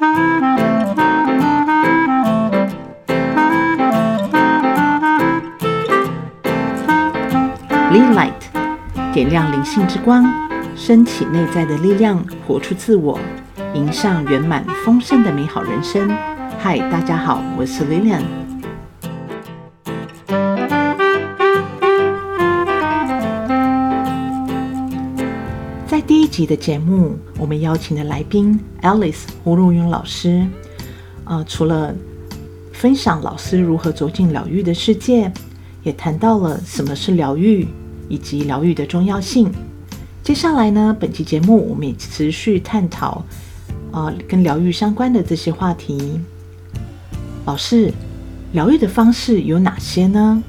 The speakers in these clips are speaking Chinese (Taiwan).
Li'light 點亮靈性之光，升起內在的力量，活出自我，迎向圓滿豐盛的美好人生。嗨，大家好，我是 Lilian。期的節目，我們邀請的來賓 Alice 胡榮勇老師，啊、呃，除了分享老師如何走進療癒的世界，也談到了什麼是療癒以及療癒的重要性。接下來呢，本期節目我們也持續探討啊、呃，跟療癒相關的這些話題。老師，療癒的方式有哪些呢？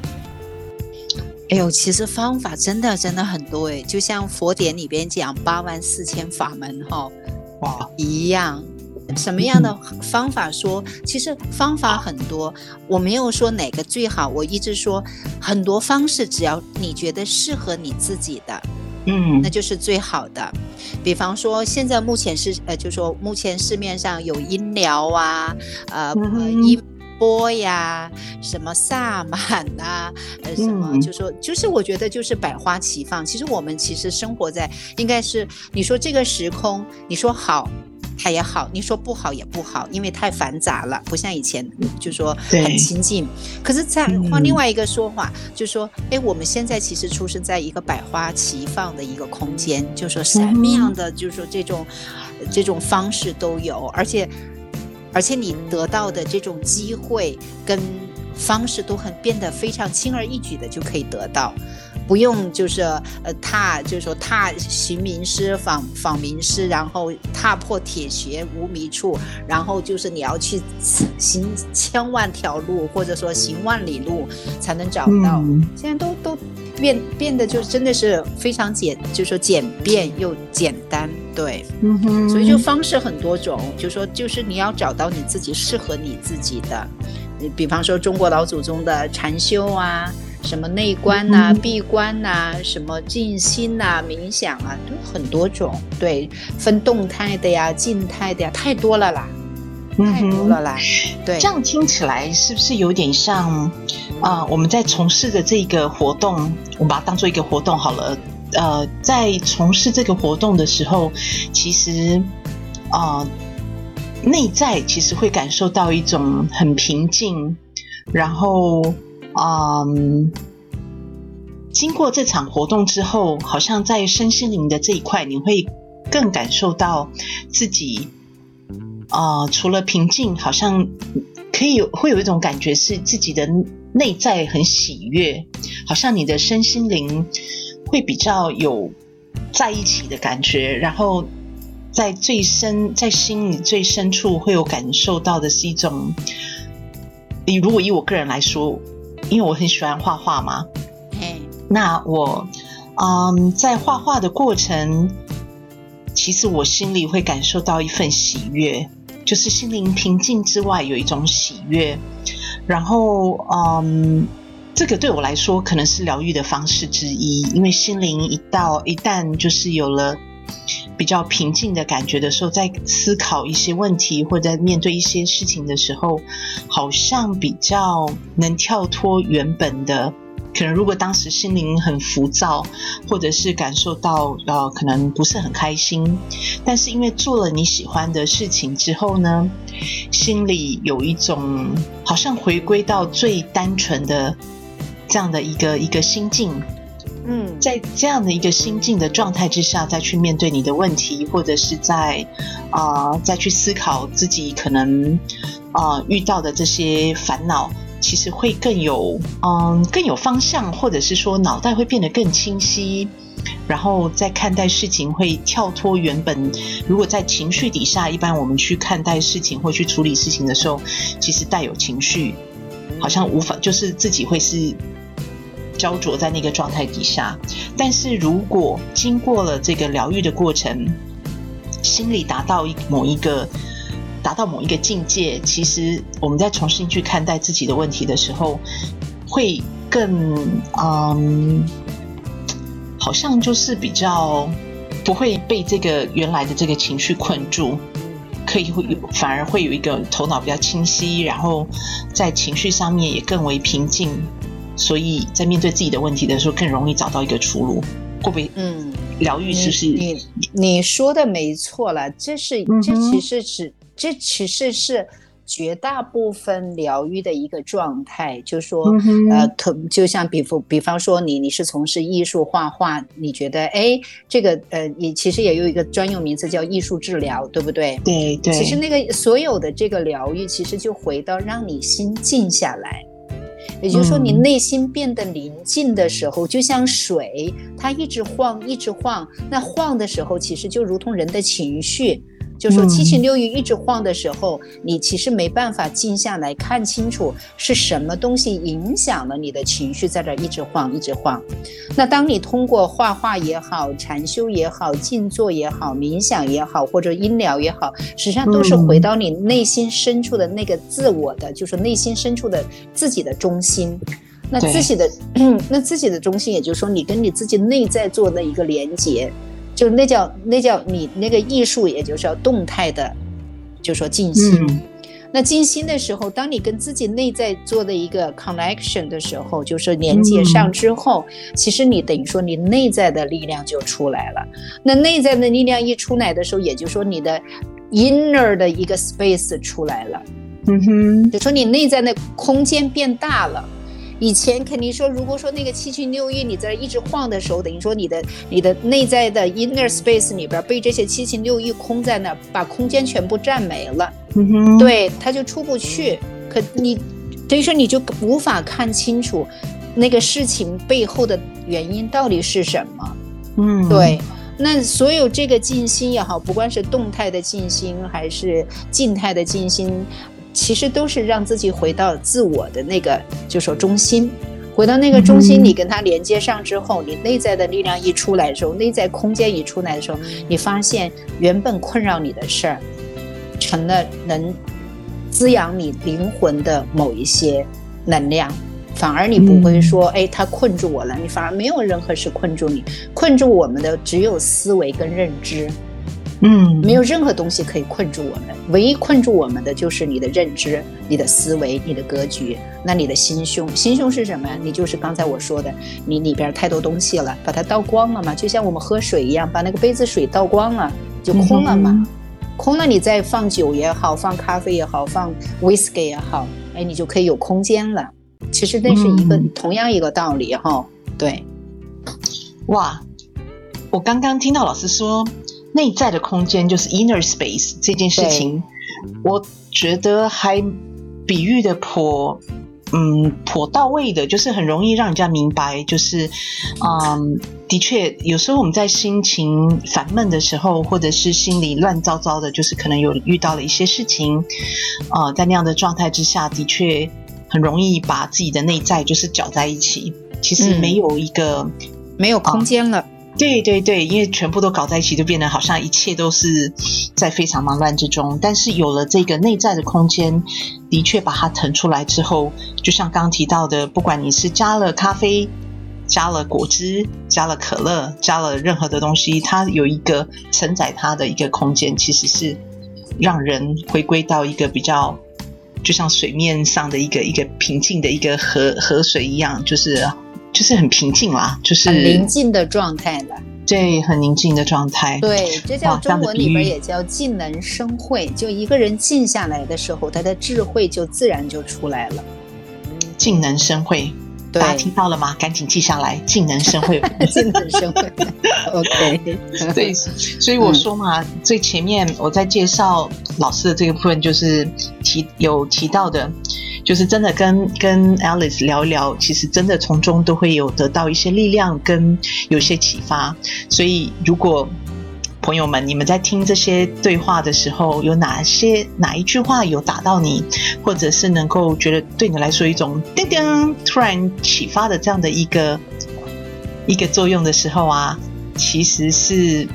哎呦，其實方法真的真的很多哎，就像佛典裡邊講八萬四千法門哈，哇，一樣，什麼樣的方法說？嗯、其實方法很多，啊、我沒有說哪個最好，我一直說很多方式，只要你覺得適合你自己的，嗯，那就是最好的。比方說，現在目前是呃，就說目前市面上有音療啊，呃，嗯、音。播呀、啊，什麼薩滿吶，呃，什麼，嗯、就說，就是我覺得就是百花齊放。其實我們其實生活在，應該是你說這個時空，你說好，它也好；你說不好也不好，因為太繁雜了，不像以前，就說很親近。對可是再換另外一個說話，嗯、就說，誒，我們現在其實出生在一個百花齊放的一個空間，嗯、就是說什麼樣的，就是說這種、嗯、這種方式都有，而且。而且你得到的這種機會跟方式都很變得非常輕而易舉的就可以得到，不用就是呃踏就是說踏尋名師訪訪名師，然後踏破鐵鞋無覓處，然後就是你要去行千萬條路或者說行萬里路才能找到。現在都都變變得就真的是非常簡，就是說簡便又簡單。對，mm hmm. 所以就方式很多種，就是、說就是你要找到你自己適合你自己的。比方說中國老祖宗的禪修啊，什麼內觀吶、啊、mm hmm. 閉關吶、啊、什麼靜心吶、啊、冥想啊，都很多種。對，分動態的呀、靜態的呀，太多了啦，太多了啦。Mm hmm. 對，這樣聽起來是不是有點像啊、呃？我們在從事的這個活動，我們把它當做一個活動好了。呃，在從事這個活動的時候，其實啊、呃，內在其實會感受到一種很平靜。然後，啊、呃，經過這場活動之後，好像在身心靈的這一塊，你會更感受到自己啊、呃，除了平靜，好像可以有會有一種感覺，是自己的內在很喜悅，好像你的身心靈。會比較有在一起的感覺，然後在最深在心裡最深處會有感受到的是一種，你如果以我個人來說，因為我很喜歡畫畫嘛，嘿那我嗯在畫畫的過程，其實我心裡會感受到一份喜悅，就是心靈平靜之外有一種喜悅，然後嗯。這個對我來說可能是療癒的方式之一，因為心靈一到一旦就是有了比較平靜的感覺的時候，在思考一些問題或者在面對一些事情的時候，好像比較能跳脫原本的可能。如果當時心靈很浮躁，或者是感受到呃可能不是很開心，但是因為做了你喜歡的事情之後呢，心裡有一種好像回歸到最單純的。這樣的一個一個心境，嗯，在這樣的一個心境的狀態之下，再去面對你的問題，或者是在啊再、呃、去思考自己可能啊、呃、遇到的這些煩惱，其實會更有嗯、呃、更有方向，或者是說腦袋會變得更清晰，然後在看待事情會跳脫原本如果在情緒底下，一般我們去看待事情或去處理事情的時候，其實帶有情緒。好像無法，就是自己會是焦灼在那個狀態底下。但是如果經過了這個療癒的過程，心理達到一某一個，達到某一個境界，其實我們再重新去看待自己的問題的時候，會更嗯，好像就是比較不會被這個原來的這個情緒困住。可以會有，反而會有一個頭腦比較清晰，然後在情緒上面也更為平靜，所以在面對自己的問題的時候，更容易找到一個出路，會不會？嗯，療愈是不是？你你，你說的沒錯了，這是，這其實是，這其實是。絕大部分療癒的一個狀態，就是、說，嗯、哼呃，同就像，比方，比方說你，你是從事藝術畫畫，你覺得，哎，這個，呃，你其實也有一個專用名詞叫藝術治療，對不對？對對。其實那個所有的這個療癒，其實就回到讓你心靜下來，也就是說你內心變得寧靜的時候，嗯、就像水，它一直晃，一直晃，那晃的時候，其實就如同人的情緒。就說七情六欲一直晃的時候，嗯、你其實沒辦法靜下來看清楚是什麼東西影響了你的情緒，在這兒一直晃，一直晃。那當你通過畫畫也好、禪修也好、靜坐也好、冥想也好，或者音療也好，實際上都是回到你內心深處的那個自我的，嗯、就是內心深處的自己的中心。對那自己的那自己的中心，也就是說，你跟你自己內在做的一個連接。就那叫那叫你那個藝術，也就是要動態的，就是、說靜心。嗯、那靜心的時候，當你跟自己內在做的一個 connection 的時候，就是連接上之後，嗯、其實你等於說你內在的力量就出來了。那內在的力量一出來的時候，也就是說你的 inner 的一個 space 出來了。嗯哼，就說你內在的空間變大了。以前肯定說，如果說那個七情六慾你在一直晃的時候，等於說你的你的內在的 inner space 裡邊被這些七情六慾空在那兒，把空間全部占沒了，嗯哼，對，它就出不去。可你等於說你就無法看清楚那個事情背後的原因到底是什麼。嗯，對。那所有這個靜心也好，不管是動態的靜心還是靜態的靜心。其實都是讓自己回到自我的那個，就說中心，回到那個中心，你跟它連接上之後，你內在的力量一出來的時候，內在空間一出來的時候，你發現原本困擾你的事兒，成了能滋養你靈魂的某一些能量，反而你不會說，哎，它困住我了，你反而沒有任何事困住你，困住我們的只有思維跟認知。嗯，沒有任何東西可以困住我們，唯一困住我們的就是你的認知、你的思維、你的格局，那你的心胸。心胸是什麼？你就是剛才我說的，你裡邊太多東西了，把它倒光了嘛，就像我們喝水一樣，把那個杯子水倒光了，就空了嘛。嗯、哼空了，你再放酒也好，放咖啡也好，放 whisky 也好，哎，你就可以有空間了。其實那是一個、嗯、同樣一個道理哈、哦。對。哇，我剛剛聽到老師說。內在的空間就是 inner space 這件事情，對我覺得還比喻的頗嗯頗到位的，就是很容易讓人家明白，就是嗯的確，有時候我們在心情煩悶的時候，或者是心裡亂糟糟的，就是可能有遇到了一些事情啊、嗯，在那樣的狀態之下的確很容易把自己的內在就是攪在一起，其實沒有一個、嗯啊、沒有空間了。對對對，因為全部都搞在一起，就變得好像一切都是在非常忙亂之中。但是有了這個內在的空間，的確把它騰出來之後，就像剛提到的，不管你是加了咖啡、加了果汁、加了可樂、加了任何的東西，它有一個承載它的一個空間，其實是讓人回歸到一個比較，就像水面上的一個一個平靜的一個河河水一樣，就是。就是很平靜啦，就是很寧靜的狀態了。對，很寧靜的狀態。對，這叫中文裡邊也叫靜能生慧，就一個人靜下來的時候，他的智慧就自然就出來了。嗯，靜能生慧。對大家聽到了嗎？趕緊記下來，靜能生慧，靜 能生慧。OK，所以，所以我說嘛，嗯、最前面我在介紹老師的這個部分，就是提有提到的，就是真的跟跟 Alice 聊一聊，其實真的從中都會有得到一些力量跟有些啟發。所以如果。朋友們，你們在聽這些對話的時候，有哪些哪一句話有打到你，或者是能夠覺得對你來說一種叮叮突然啟發的這樣的一個一個作用的時候啊？其實是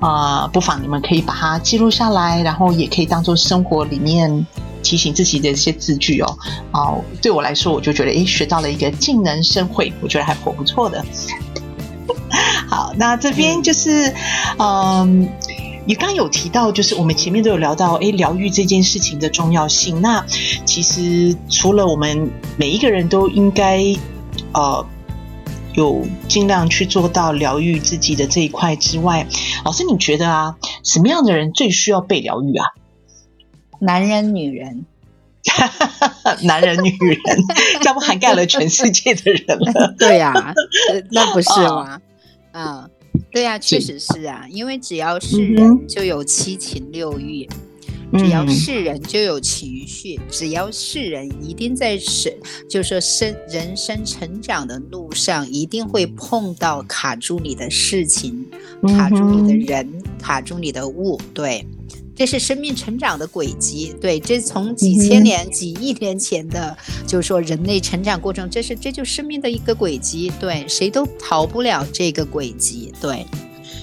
啊、呃，不妨你們可以把它記錄下來，然後也可以當做生活裡面提醒自己的一些字句哦。哦、呃，對我來說，我就覺得哎，學到了一個靜能生慧，我覺得還頗不錯的。 好，那這邊就是，嗯，你剛有提到，就是我們前面都有聊到，誒，療癒這件事情的重要性。那其實除了我們每一個人都應該，呃，有盡量去做到療癒自己的這一塊之外，老師，你覺得啊，什麼樣的人最需要被療癒啊？男人、女人， 男人、女人，這 不涵蓋了全世界的人了？ 對呀、啊，那不是嗎、啊？啊嗯，對呀、啊，確實是啊，因為只要是人就有七情六慾，mm hmm. 只要是人就有情緒，mm hmm. 只要是人一定在生，就是、說生人生成長的路上一定會碰到卡住你的事情，卡住你的人，卡住你的物，對。這是生命成長的軌跡，對，這從幾千年、嗯、幾億年前的，就是說人類成長過程，這是這就是生命的一個軌跡，對，誰都逃不了這個軌跡，對，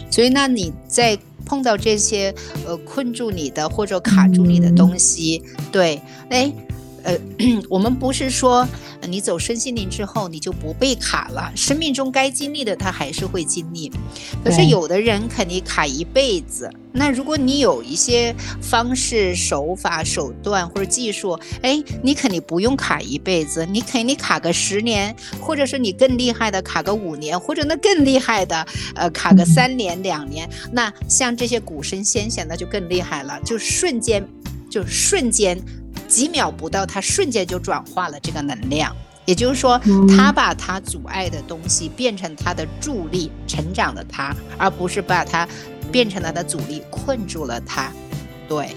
所以那你在碰到這些呃困住你的或者卡住你的東西，嗯、對，誒。呃，我們不是說你走身心靈之後，你就不被卡了。生命中該經歷的，他還是會經歷。可是有的人肯定卡一輩子。嗯、那如果你有一些方式、手法、手段或者技術，誒，你肯定不用卡一輩子，你肯定卡個十年，或者是你更厲害的卡個五年，或者那更厲害的，呃，卡個三年、兩年。那像這些古神仙，那就更厲害了，就瞬間，就瞬間。幾秒不到，他瞬間就轉化了這個能量。也就是說，他把他阻礙的東西變成他的助力，成長了他，而不是把他變成了他的阻力，困住了他。對，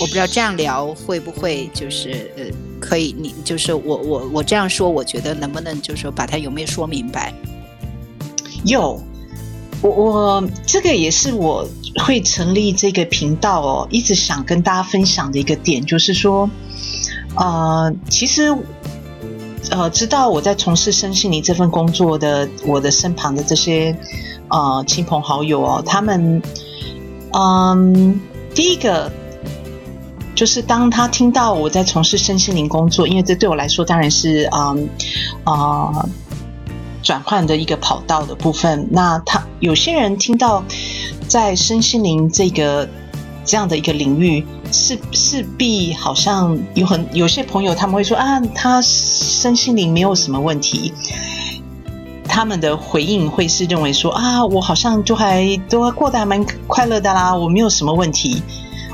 我不知道這樣聊會不會就是呃，可以？你就是我我我這樣說，我覺得能不能就是說把他有沒有說明白？有。我我這個也是我會成立這個頻道哦，一直想跟大家分享的一個點，就是說，呃，其實，呃，知道我在從事身心靈這份工作的我的身旁的這些呃親朋好友哦，他們，嗯、呃，第一個，就是當他聽到我在從事身心靈工作，因為這對我來說當然是嗯，啊、呃。呃轉換的一個跑道的部分，那他有些人聽到在身心靈這個這樣的一個領域，勢勢必好像有很有些朋友他們會說啊，他身心靈沒有什麼問題，他們的回應會是認為說啊，我好像就還都還過得還蠻快樂的啦，我沒有什麼問題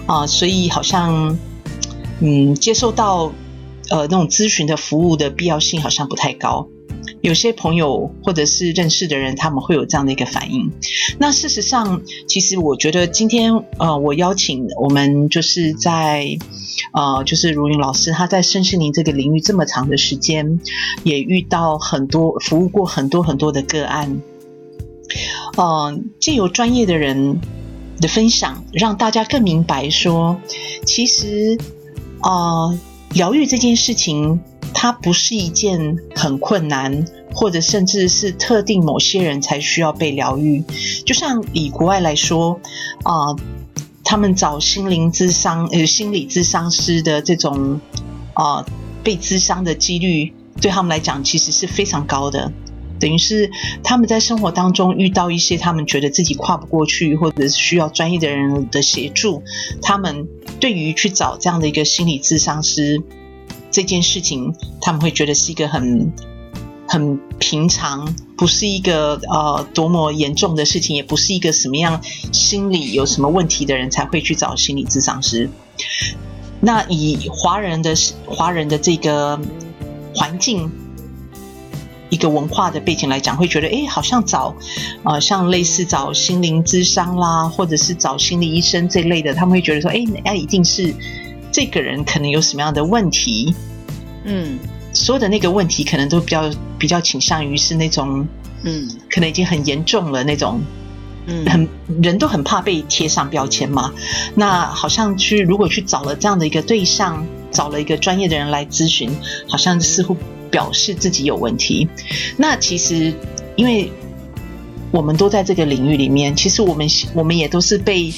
啊，所以好像嗯，接受到呃那種諮詢的服務的必要性好像不太高。有些朋友或者是認識的人，他們會有這樣的一個反應。那事實上，其實我覺得今天，呃，我邀請我們就是在，呃，就是如雲老師，他在身心靈這個領域這麼長的時間，也遇到很多服務過很多很多的個案。嗯、呃，借由專業的人的分享，讓大家更明白說，其實，呃，療癒這件事情。它不是一件很困難，或者甚至是特定某些人才需要被療癒。就像以國外來說，啊、呃，他們找心靈諮商、呃，心理諮商師的這種啊、呃，被諮商的幾率，對他們來講其實是非常高的。等於是他們在生活當中遇到一些他們覺得自己跨不過去，或者是需要專業的人的協助，他們對於去找這樣的一個心理諮商師。這件事情，他們會覺得是一個很很平常，不是一個呃多麼嚴重的事情，也不是一個什麼樣心理有什麼問題的人才會去找心理諮詢師。那以華人的華人的這個環境一個文化的背景來講，會覺得哎，好像找呃像類似找心靈諮商啦，或者是找心理醫生這類的，他們會覺得說，哎，那一定是。這個人可能有什麼樣的問題？嗯，說的那個問題可能都比較比較傾向於是那種，嗯，可能已經很嚴重了那種，嗯，很人都很怕被貼上標籤嘛。嗯、那好像去如果去找了這樣的一個對象，找了一個專業的人來諮詢，好像似乎表示自己有問題。嗯、那其實因為我們都在這個領域裡面，其實我們我們也都是被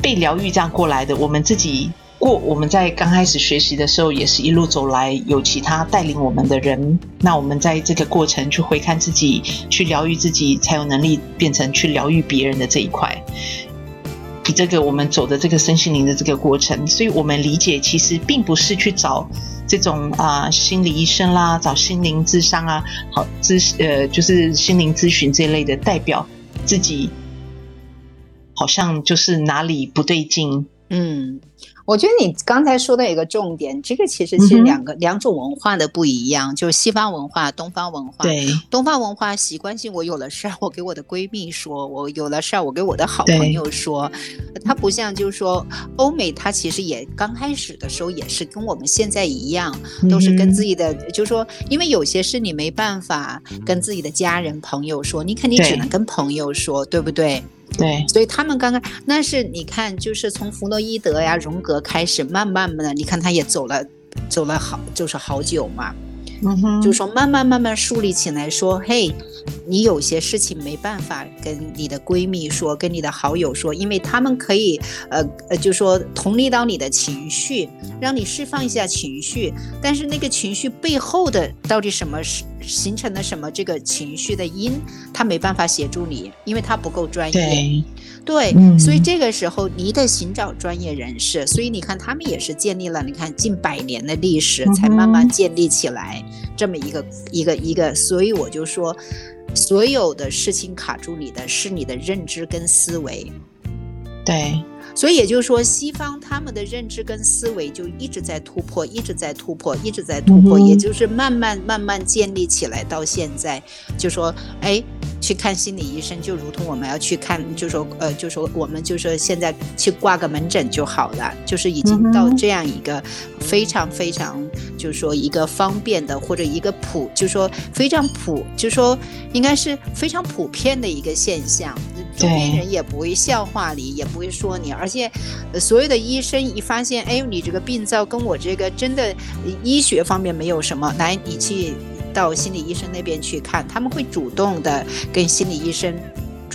被療癒這樣過來的，我們自己。過我們在剛開始學習的時候，也是一路走來有其他帶領我們的人。那我們在這個過程去回看自己，去療癒自己，才有能力變成去療癒別人的這一塊。比這個我們走的這個身心靈的這個過程，所以我們理解其實並不是去找這種啊、呃、心理醫生啦，找心靈智商啊，好知呃就是心靈諮詢這一類的，代表自己好像就是哪裡不對勁，嗯。我覺得你剛才說的一個重點，這個其實其實兩個、嗯、哼兩種文化的不一樣，就是西方文化、東方文化。對，東方文化習慣性，我有了事我給我的閨蜜說，我有了事我給我的好朋友說，他對不像就是說歐美，他其實也剛開始的時候也是跟我們現在一樣，都是跟自己的，嗯、哼就是說，因為有些事你沒辦法跟自己的家人朋友說，你肯定只能跟朋友說，對，對不對？對，所以他們剛剛那是你看，就是從弗洛伊德呀，榮格開始，慢慢的，你看他也走了，走了好，就是好久嘛。嗯哼，就是說慢慢慢慢樹立起來說，說嘿，你有些事情沒辦法跟你的閨蜜說，跟你的好友說，因為他們可以，呃呃，就是說同理到你的情緒，讓你釋放一下情緒。但是那個情緒背後的到底什麼形成的什麼這個情緒的因，他沒辦法協助你，因為他不夠專業。對，對，嗯，所以這個時候你得尋找專業人士。所以你看，他們也是建立了，你看近百年的歷史才慢慢建立起來。這麼一個一個一個，所以我就說，所有的事情卡住你的是你的認知跟思維，對。所以也就是說，西方他們的認知跟思維就一直在突破，一直在突破，一直在突破，嗯、哼也就是慢慢慢慢建立起來。到現在，就說，哎，去看心理醫生，就如同我們要去看，就說，呃，就說我們就說現在去掛個門診就好了，就是已經到這樣一個非常非常，就是說一個方便的或者一個普，就是說非常普，就是說應該是非常普遍的一個現象。病對人也不會笑話你，也不會說你，而且，所有的醫生一發現，哎，你這個病灶跟我這個真的醫學方面沒有什麼，來，你去到心理醫生那邊去看，他們會主動的跟心理醫生。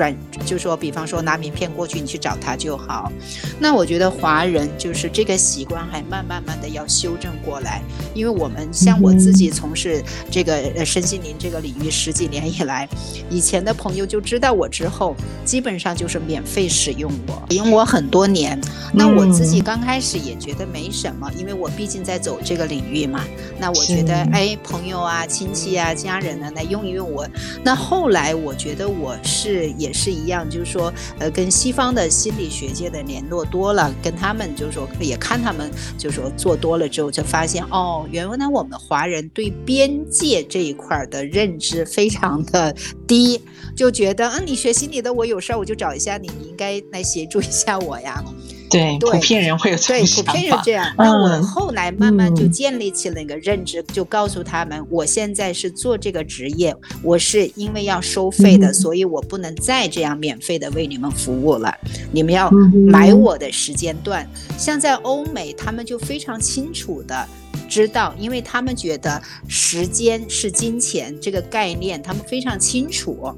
轉，就說比方說拿名片過去，你去找他就好。那我覺得華人就是這個習慣還慢，慢慢的要修正過來。因為我們像我自己從事這個身心靈這個領域十幾年以來，以前的朋友就知道我之後，基本上就是免費使用我，用我很多年。嗯、那我自己剛開始也覺得沒什麼，因為我畢竟在走這個領域嘛。那我覺得是哎，朋友啊、親戚啊、家人呢、啊，來用一用我。那後來我覺得我是也。也是一樣，就是說，呃，跟西方的心理學界的聯絡多了，跟他們就是說，也看他們就是說做多了之後，就發現哦，原來我們華人對邊界這一塊的認知非常的低，就覺得啊，你學心理的，我有事兒我就找一下你，你應該來協助一下我呀。對，普遍人會有這種想法。對對這樣，那我後來慢慢就建立起了一個認知，嗯、就告訴他們，我現在是做這個職業，我是因為要收費的，所以我不能再這樣免費的為你們服務了。嗯、你們要買我的時間段。嗯、像在歐美，他們就非常清楚的知道，因為他們覺得時間是金錢這個概念，他們非常清楚。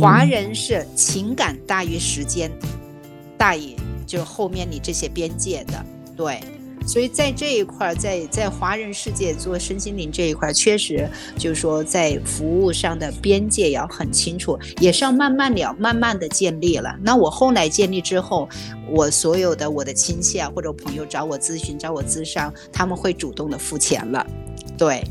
華人是情感大於時間，大於。就後面你這些邊界的，對，所以在這一塊，在在華人世界做身心靈這一塊，確實就是說在服務上的邊界要很清楚，也是要慢慢聊，慢慢的建立了。那我後來建立之後，我所有的我的親戚啊或者朋友找我諮詢，找我諮商，他們會主動的付錢了，對。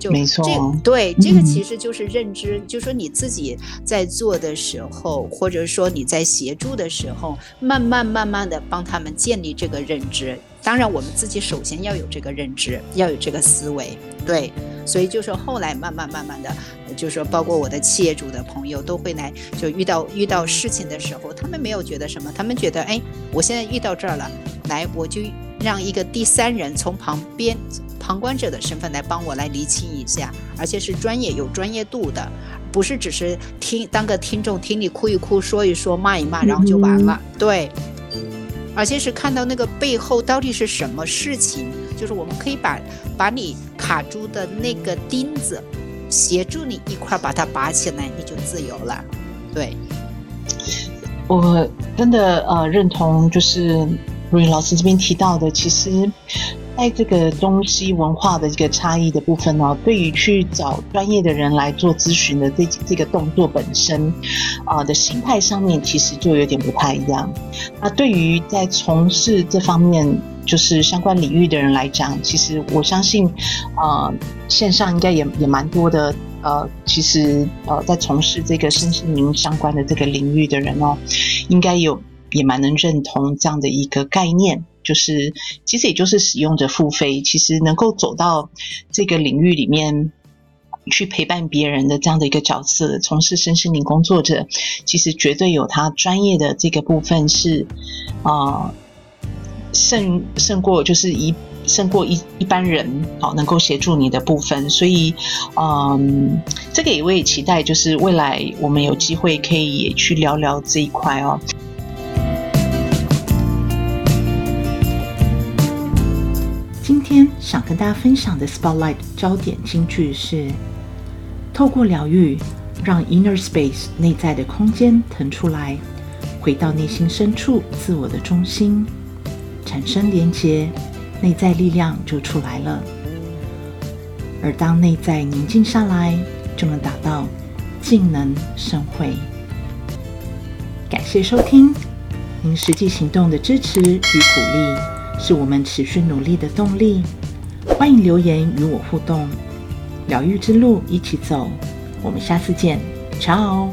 就沒錯，這，對，這個其實就是認知，嗯、就是說你自己在做的時候，或者說你在協助的時候，慢慢慢慢的幫他們建立這個認知。當然，我們自己首先要有這個認知，要有這個思維。對，所以就說後來慢慢慢慢的，就是說包括我的企業主的朋友都會來，就遇到遇到事情的時候，他們沒有覺得什麼，他們覺得哎，我現在遇到這兒了，來我就。讓一個第三人從旁邊、旁觀者的身份來幫我來釐清一下，而且是專業、有專業度的，不是只是聽當個聽眾，聽你哭一哭、說一說、罵一罵，然後就完了。嗯、對，而且是看到那個背後到底是什麼事情，就是我們可以把把你卡住的那個釘子，協助你一塊把它拔起來，你就自由了。對，我真的呃認同，就是。瑞老師這邊提到的，其實在這個東西文化的一個差異的部分哦，對於去找專業的人來做諮詢的這這個動作本身啊、呃、的心態上面，其實就有點不太一樣。那對於在從事這方面就是相關領域的人來講，其實我相信啊、呃，線上應該也也蠻多的。呃，其實呃，在從事這個身心靈相關的這個領域的人哦，應該有。也蠻能認同這樣的一個概念，就是其實也就是使用者付費，其實能夠走到這個領域裡面去陪伴別人的這樣的一個角色，從事身心靈工作者，其實絕對有他專業的這個部分，是啊、呃、勝勝過就是一勝過一一般人哦，能夠協助你的部分。所以嗯，這個也我也期待，就是未來我們有機會可以也去聊聊這一塊哦。今天想跟大家分享的 Spotlight 焦點金句是：透過療癒，讓 inner space 內在的空間騰出來，回到內心深處自我的中心，產生連結，內在力量就出來了。而當內在寧靜下來，就能達到靜能生慧。感謝收聽，您實際行動的支持與鼓勵。是我們持續努力的動力。歡迎留言與我互動，療癒之路一起走。我們下次見，Ciao。